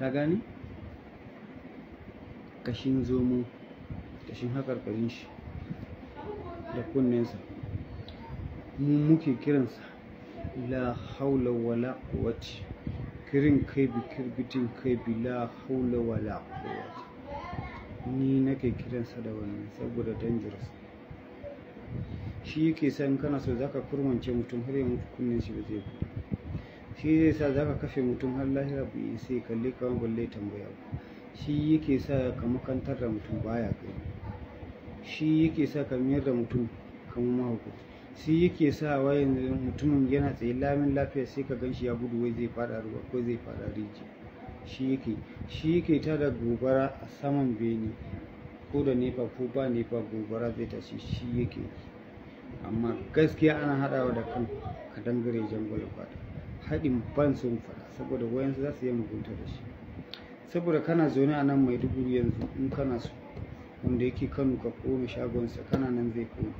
ka gani kashin zomo kashin haƙarƙarin shi da kunnensa mu muke kiransa la haula wala quwwati kirin kai bi kirbitin kai bi la haula wala quwwati ni nake kiransa da wannan saboda dangerous shi yake san kana so zaka kurmance mutum har ya mutu kunnen shi ba zai shi zai sa za ka kashe mutum har lahira bai sai ya kalle ka balle tambaya shi yake sa ka makantar da mutum baya kai shi yake sa ka miyar da mutum kamar mahaukaci shi yake sa wayan mutumin yana tsaye lamin lafiya sai ka gan shi ya gudu wai zai fada ruwa ko zai fada rijiya shi yake shi yake ta da gobara a saman bene ko da nefa ko ba nefa gobara zai tashi shi yake amma gaskiya ana haɗawa da kan ka dangare jangwal fata haɗin ban sun faɗa saboda wayansu za su yi mugunta da shi saboda kana zaune a nan mai maiduguri yanzu in kana so wanda yake kano ka kone shagonsa kana nan zai kone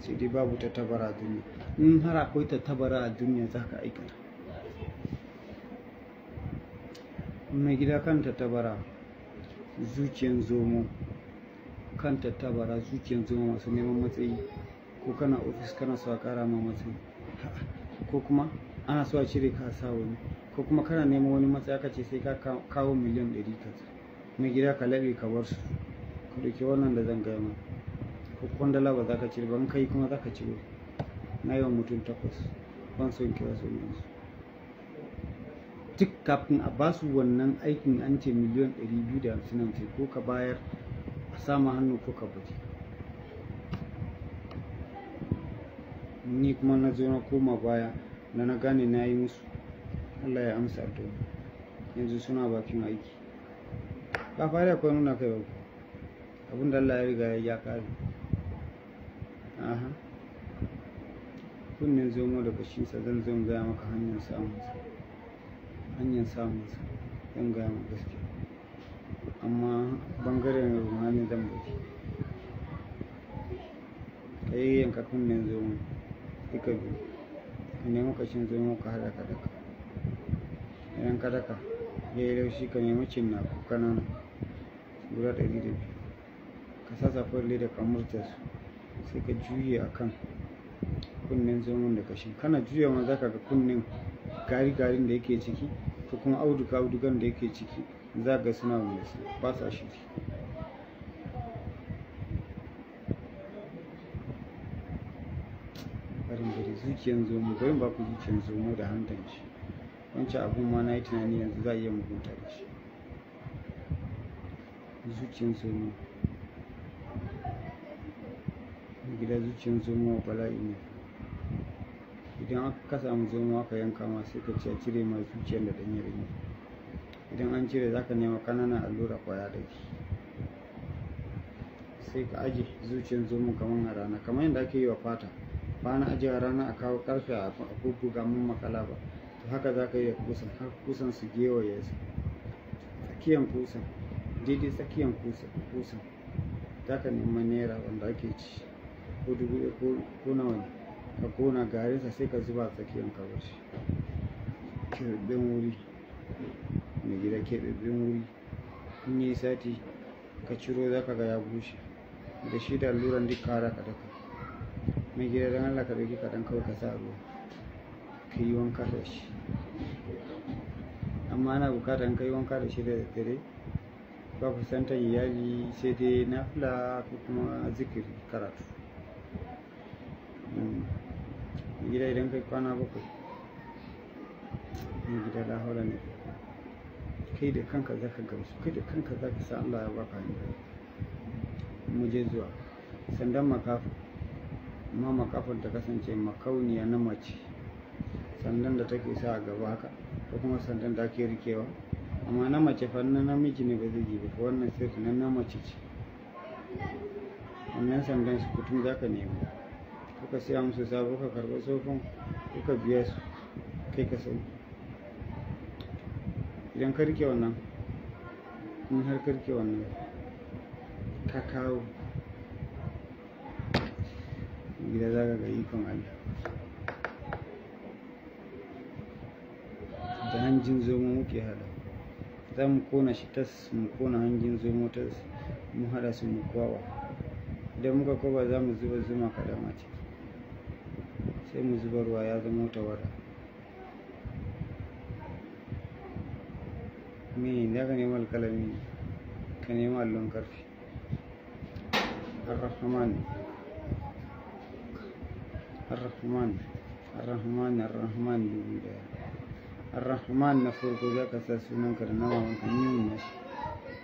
sai dai babu ta tabara a duniya in har akwai ta tabara a duniya za ka aikata mai gida kan ta tabara zuciyan zomo kan ta tabara zuciyan zomo masu neman matsayi ko kana ofis kana sa kara ma matsayi ko kuma ana so a cire ka sa wani ko kuma kana neman wani matsaya ka ce sai ka kawo miliyan ɗari ka mai gida ka laɓe ka bar su ka ɗauki wannan da zan gaya ma ko kwandala ba za ka cire ba in kai kuma za ka cire na yawan mutum takwas ban so kira su duk kafin a ba su wannan aikin an ce miliyan hamsin ko ka bayar a sama hannu ko ka baje? ni kuma na zo na koma baya da na gane na yi musu allah ya amsa addu'a yanzu suna bakin aiki ba fari akwai nuna kai ba abin da allah ya riga ya kare aha kunnen zomo da sa zan zan gaya maka hanyar samunsa hanyar samunsa zan gaya maka gaske amma bangaren ruhani zan baki ka yi yanka kunnen zomo duka biyu nemi cin zai muka hada ka daka idan ka daka ya yi laushi ka nemi na ko kanana guda ɗari da biyu ka sa safar leda ka murta su sai ka juye a kan kunnen zomon da kashin kana juya ma za ka ga kunnen gari-garin da yake ciki ko kuma auduga audugan da yake ciki za ga suna wani ba sa shi farin gari zuciyan zomo bari ba ku zuciyan zomo da hantan shi wancan abun ma na yi tunani yanzu za a iya mugunta da shi zuciyan zomo gida zuciyan zomo bala'i ne idan aka kasa mu zomo aka yanka ma sai ka ce a cire ma zuciyan da ɗanye ɗanye idan an cire za ka nema ƙananan allura kwaya da shi sai ka aje zuciyar zomo kamar a rana kamar yadda ake yi wa fata bana ajewa rana a kawo karfe a gugguga mun makala ba to haka za ka yi kusan har kusan su gewaye su tsakiyan kusan daidai tsakiyan kusan kusan za ka neman naira wanda ake ci ko dubu ɗaya ko nawa ne ka kona sa sai ka zuba tsakiyan ka wuce keɓaɓɓen wuri mai gida keɓaɓɓen wuri in yi sati ka ciro za ka ga ya bushe da shi da alluran duk kara ka daka mai gida don Allah ka ɗauki kaɗan kawai ka sa ruwa ka yi wanka da shi amma ana buƙatar ka yi wanka da shi da daddare ba kusantar iyali sai dai na fula ko kuma zikiri karatu hmm. mai gida idan kai kwana bakwai mai gida lahaula ne kai da kanka za ka gamsu kai da kanka za ka sa Allah ya baka hanyar mu je zuwa sandan makafu amma makafin ta kasance makauniya na mace sandan da take sa a gaba haka ko kuma sandan da ake rikewa amma na mace fa na namiji ne ba zai yi ba wannan sai na na mace ce wannan sandan su kutum za ka nemi kuka siya musu sabo ka karɓi tsofin kuka biya su kai ka sau idan ka rike wannan in har ka rike wannan ka kawo gida za ka ga ikon Allah da hanjin zomo muke hada za mu kona shi tas mu kona hanjin zomo tas mu hada su mu kwawa idan muka kwaba za mu zuba zuma kaɗan a ciki sai mu zuba ruwa ya zama tawada me da ka nema alkalami ka nema allon karfi ar-rahman ar-rahman ar-rahman na farko za ka sa sunanka da nama wanka mimun nashi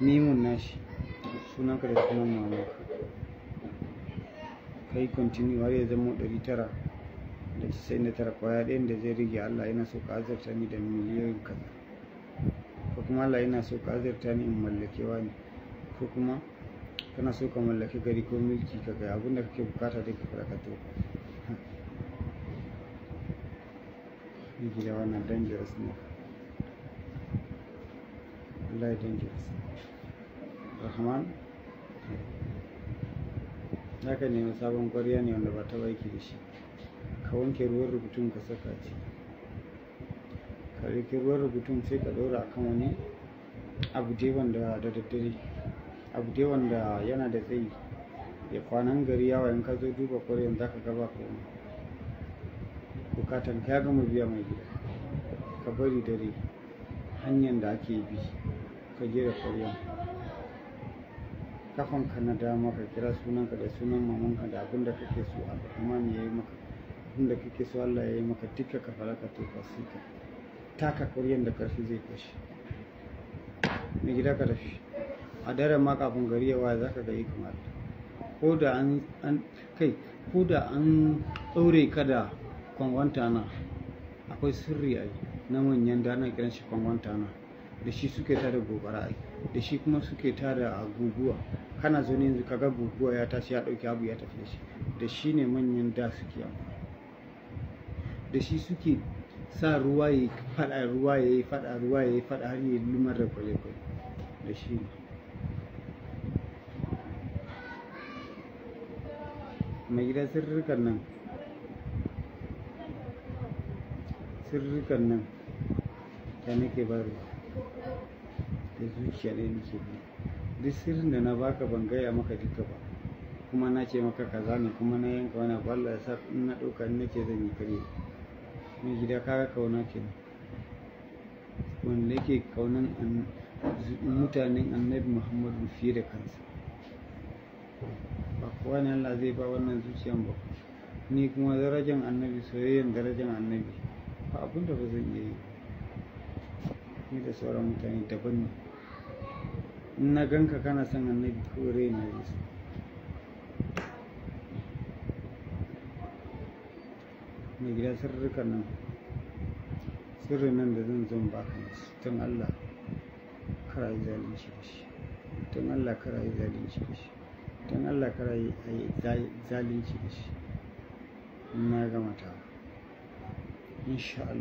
mimun nashi sunanka da sunan mamanka kai kontinu har ya zama ɗari tara da casa'in na tara kwaya ɗayan da zai rage allah yana so ka azarta ni da miliyoyin kaza ko kuma allah yana so ka azarta ni in mallakewa wani, ko kuma kana so ka mallaki gari ko milki ka kai abinda kake bukata da ka faɗa ka to gida wannan dangerous ne wallahi dangerous rahman za ka sabon kwarya ne wanda ba ta aiki da shi ka wanke ruwan rubutun ka saka ci ka rike ruwan rubutun sai ka ɗora kan wani abu dai wanda da daddare abu dai wanda yana da tsayi ya kwanan gari yawa in ka zo duba kwaryan za ka gaba wani. bukatan ya gama biya mai gida ka bari dare hanyar da ake bi ka gira kwaryan kafanka na dama ka kira sunanka da sunan mamanka da abin da kake so a ne ya yi maka abin da kake so allah ya yi maka duka ka fara ka tofa ka taka kwaryan da karfi zai fashe mai gida ka tafi a daren ma kafin gari ya za ka ga yi kamar ko da an kai ko da an ɗaure ka da kwangwantana akwai sirri ai na manyan da ana kiran shi kwangwantana da shi suke tada gobara ai da shi kuma suke a guguwa kana zaune yanzu kaga guguwa ya tashi ya ɗauki abu ya tafi da shi da shi ne manyan da suke da shi suke sa ruwa ya faɗa, ruwa ya yi faɗa, ruwa ya yi faɗa har ya lumar da kwale-kwale da shi ne mai gidan sirrikan nan sirrikan nan ta nake baro da zuciya ne nake bi duk sirrin da na baka ban gaya maka duka ba kuma na ce maka kaza ne kuma na yanka wani abu Allah ya sa in na ɗauka in nace zan yi kare mai gida kaga kauna kenan wanda yake kaunan mutanen annabi muhammadu fiye da kansa ba kowa ne Allah zai ba wannan zuciyan ba ni kuma darajan annabi soyayyen darajan annabi ba abin da ba zan iya yi ni da sauran mutane daban ne in na ganka kana son annabi ko rai na yi mai gida sirrika nan sirrin nan da zan zan baka su don allah kara yi zalunci da shi don allah kara yi zalunci da shi don allah kara yi zalunci da shi na gama ta inshallah